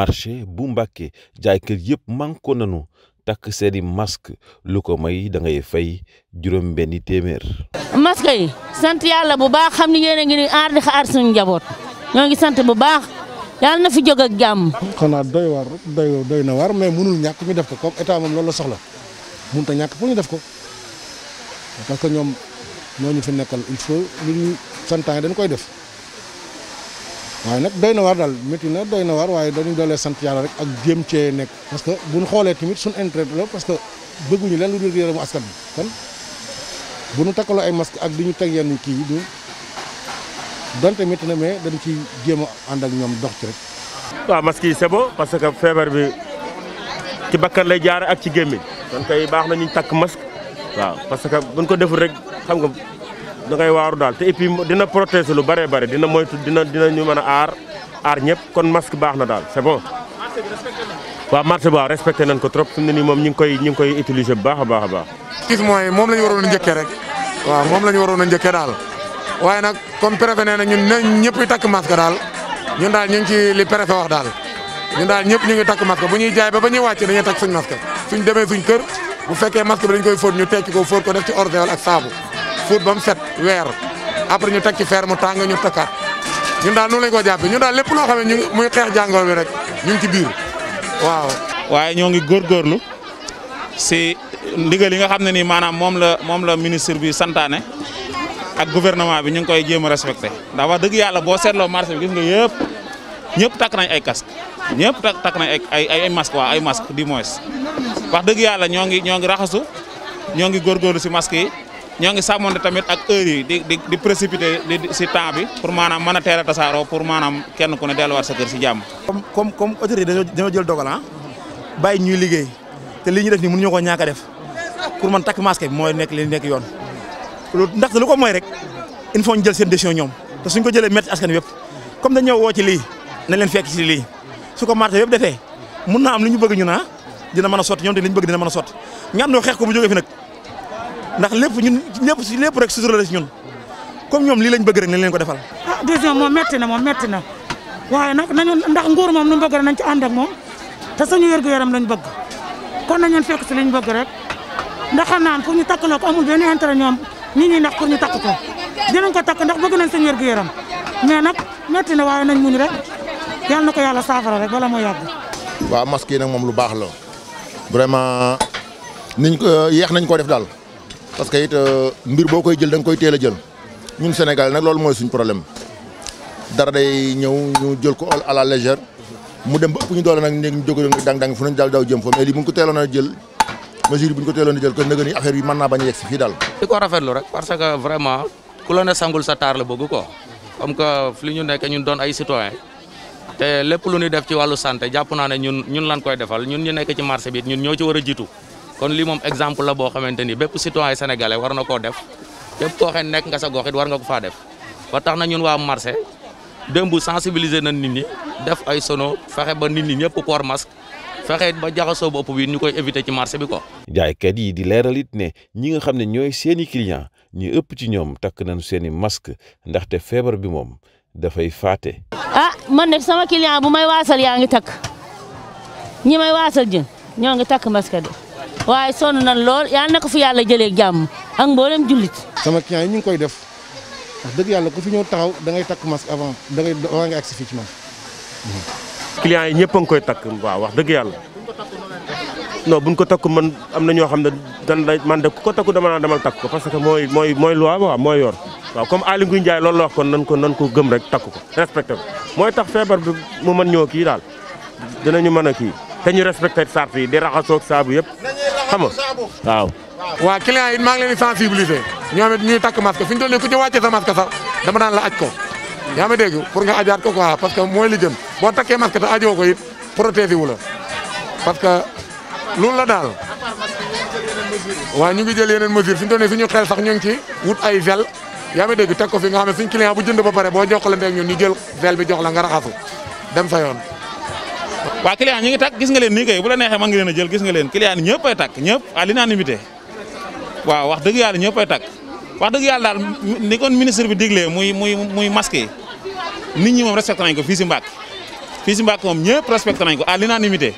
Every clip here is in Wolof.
marché bu mbàkke jaaykat yëpp mànkoo nañu tak séri masque lu ko may da ngay fay juróom benni témèr masque yi sante yalla bu baax xamni yéne ngi ar di xaar suñu jabot ñoo ngi sant bu baax yalla na fi jog ak jàmm xanaa doy war doy doy na war mais mënul ñak mi def ko comme état mom loolu soxla mën ta ñak pour ñu def ko parce que ñom ñoo ñu fi nekkal il faut ñu santaane dañ koy def waaye nag doy na waar daal métti na doy na waar waaye dañu doolee sant yàlla rek ak jéem cee nekk parce que bu ñu xoolee tamit suñu intérêt la parce que bëgguñu leen lu dul yaramu askan bi kon bu nu takkaloo ay masque ak di ñu teg yenn kii yi du donte métti mais dañ ci jéem a ànd ak ñoom dox rek. waaw masque yi c'est parce que feebar bi ci bakkan lay jaare ak ci gémmiñ. donc baax na ñu takk masque. waaw parce que buñ ko deful rek xam nga. da ngay waaru daal te et puis dina protéger lu bëree bëri dina moytu dina dina ñu mën a aar aar ñëpp kon masque baax na daal c'est bon. waaw marché ba respecté nañ ko trop fi mu ne moom ñu ngi koy ñu ngi koy utiliser bu baax a baax a baax. gis mooy moom la ñu waroon a njëkkee rek waaw moom la ñu waroon a njëkkee daal waaye nag comme préfet nee na ñun nañ ñëpp takk masque daal ñun daal ñu ngi ci li préfet wax daal ñun daal ñëpp ñu ngi takk masque bu ñuy jaay ba ba ñuy wàcc ñu tak suñ masque suñ demee suñ kër bu fekkee masque bi dañ koy fóot ñu tekki ko ko def ci ordre ak saabu fóot bam set wer après ñu tek ci fer mu tàng ñu tëkkaat ñun da noonu lañ ko japp ñun da lepp lo xam ñu muy xex jàngoro bi rek ñu ci biir waaw. waye ñoo ngi gorlu si ndigal yi nga xam ni manam mom la mom la ministre bi santaane ak gouvernement bi ñu koy jëm a respecté ndax wax deug yalla bo setlo marché bi gis nga yépp ñepp tak nañ ay casque ñepp tak tak nañ ay ay ay masque wa ay masque di moins wax deug yalla ñoo ngi ñoo ngi raxasu ñoo ngi gorlu si masque yi. ñoo ngi sàmmonte tamit ak heure yi di di di précipité si temps bi pour maanaam mën a teel a tasaaroo pour maanaam kenn ku ne delluwaat sa kër si jàmm. comme comme autorité dañoo jël dogal ah ñuy liggéey te li ñu def nii mënuñu ko ñaaka def pour man takk masque bi mooy nekk li nekk yoon loolu ndaxte lu ko mooy rek il faut ñu jël seen décision ñoom te suñ ko jëlee métti askan wi yëpp comme dañoo woo ci lii nañ leen fekk ci lii su ko marché yëpp defee mun naa am li ñu bëgg ñu naa ah, dina mën a sotti ñoom te li ñu a ndax lepp ñun lépp ci lepp rek sutura la ci ñun comme ñom li lañ bëgg rek nañ leen ko defal ah décision metti na mo metti na waye nak nañu ndax nguur mom ñu bëgg rek nañ ci and ak mom ta suñu wér yaram lañ bëgg kon nañu fekk ci liñ bëgg rek ndax xam naan pour ñu takk loo amul benn intérêt ñom nit ñi nak pour ñu takk ko dinañ ko takk ndax bëgg nañ suñu wér yaram mais nak metti na waye nañ muñ rek yalla nako yalla safara rek wala mo yagg waaw maski nak mom lu baax la vraiment niñ ko yeex nañ ko def dal parce que it euh, mbir bokoy jël dang koy téla jël ñun Sénégal nak loolu moy suñu problème dara day ñew ñu jël ko à la légère mu dem ba ëpp ñu doole nak ñu jóg dang dang fu ñu dal daw jëm fa mais li bu ko télo na jël mesure buñ ko télo na jël ko nag ni affaire yi man na bañ yexi fi dal fii daal. di ko rafetlu rek parce que vraiment ku la ne sangul sa tar la bëgg ko comme que li ñu nekk ñun doon ay citoyen té lépp lu ñu def ci walu santé japp na né ñun ñun lan koy défal ñun ñu nekk ci marché bi ñun ñoo ci wara jitu kon li mom exemple la bo xamanteni ni citoyen sénégalais war na def bépp ko xé nek nga sa gox it war nga ko fa def ba tax na ñun wa marché dembu sensibiliser na nit ñi def ay sono fexé ba nit ñi ñepp port masque fexé ba jaxaso bop bi ñukoy éviter ci marché bi ko jaaykat yi di leeral it ne ñi nga xamné ñoy séni client ñi ëpp ci ñom tak nañu séni masque té fièvre bi da fay faté ah man de sama client bu may wasal ya ngi tak ñi may wasal ji ñoo ngi tak masque waaye sonn nañ lool yàlla na ko yàlla jëlee jàmm ak mboolem jullit. sama client yi ñu ngi koy def wax dëgg yàlla ku fi ñëw taxaw da ngay takk masque avant da ngay avant nga yi ñëpp a ngi koy takk waaw wax dëgg yàlla. non buñ ko takku man am na ñoo xam ne dan la man de ku ko takku dama naan demal takk ko parce que mooy mooy mooy loi waaw mooy yor waaw comme Aly Ngouille Ndiaye loolu la wax kon nan ko nan gëm rek takku ko respecté ko mooy tax feebar bi mu mën ñoo kii daal dinañu mën a kii te ñu respecté sart yi de raxasoo saabu yëpp xam nga waaw. waa client yi maa ngi leen di sensibiliser ñoom it ñuy takk masque fi ñu toll nii ku ci wàccee sa masque sax dama daan la aj ko. yaa ngi dégg pour nga ajaat ko quoi parce que mooy li jëm boo takkee masque te ajoo ko it protéger wu la parce que loolu la daal. waaw ñu ngi jël yeneen mesure fi ñu toll nii suñu xel sax ñu ngi ci wut ay gel yaa ngi dégg teg ko fi nga xam ne client bu jënd ba pare boo jokkalanteeg ñun ñu jël gel bi jox la nga raxasu dem sa yoon wa client ñi ngi takk gis nga leen ni kay bu la neexee ma ngi leena jël gis nga leen client yi ñëpp ay takk ñëpp à l'unanimité waaw wax deug yalla ñëpp ay takk wax deug yalla dal ni kon ministre bi diglé muy muy muy masqué nit ñi mom respecté nañ ko fi ci mbak fi ci mbak mom ñepp respecté nañ ko à l'unanimité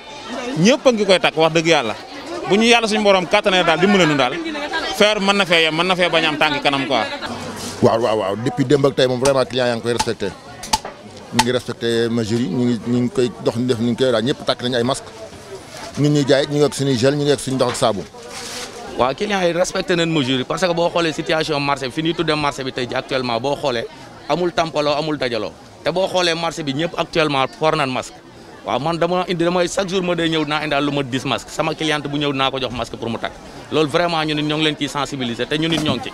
ñepp ngi koy tak wax deug yalla bu ñu yalla suñu borom kattanee daal dimbale nu dal feer mën na fee yem mën na fee bañ am tànk kanam quoi. waaw waaw waaw depuis demb ak tay mom vraiment client yang koy respecté. ñu ngi respecté mesures yi ñu ngi koy dox ñu def ñu ngi koy daal ñëpp takk nañu ay masque ñun ñuy jaay ñu ngi ak suñuy gel ñu ngi ak suñu ak saabu. waaw clients yi respecté nañ mesures parce que boo xoolee situation marché bi fi ñuy tuddee marché bi tey ji actuellement boo xoolee amul tampaloo amul dajaloo te boo xoolee marché bi ñëpp actuellement for nañ masque waaw man dama indi damay chaque jour ma day ñëw naa indaal lu ma dis sama cliente bu ñëw naa ko jox masque pour mu takk loolu vraiment ñu nit ñoo ngi leen ciy sensibiliser ñu nit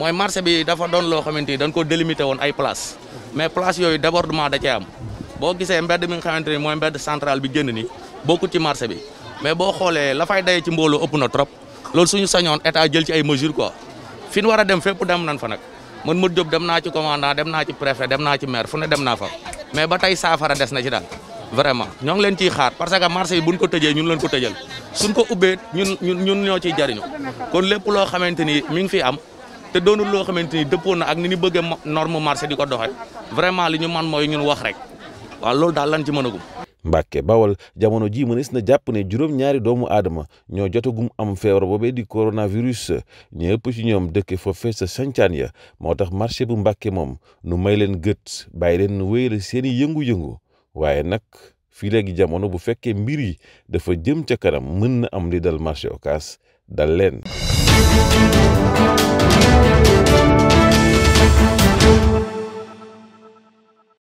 moy marché bi dafa don lo xamanteni dañ ko délimiter won ay place mais place yooyu débordement da ci am bo gisé mbéd mi xamanteni moy mbéd central bi génn ni bokku ci marché bi mais bo xolé la fay day ci mbolo ëpp na trop lool suñu sañon état jël ci ay mesures quoi fiñ wara dem fepp dam nan fa nak man ma job dem na ci commandant dem na ci préfet dem na ci maire fune ne dem na fa mais ba tay safara dess na ci dal vraiment ñoo ngi leen ci xaar parce que marché bi buñ ko tejé ñun leen ko tejël suñ ko ubbé ñun ñun ñoo ci jariñu kon lepp lo xamanteni mi ngi fi am te doonul loo xamante ni dëppoo na ak ni ñu bëggee norme marché di ko vraiment li ñu man mooy ñun wax rek waaw loolu daal lan ci mënagum. Mbàkke Bawol jamono ji mënees na jàpp ne juróom-ñaari doomu aadama ñoo jotagum am di coronavirus ñi deke ci ñoom dëkke foofee sa sancaan ya moo tax marché bu Mbàkke moom nu may leen gët bàyyi leen nu wéyale seeni yëngu-yëngu waaye nag fii léegi jamono bu fekkee mbir yi dafa jëm am li dal marché dal leen Thank you.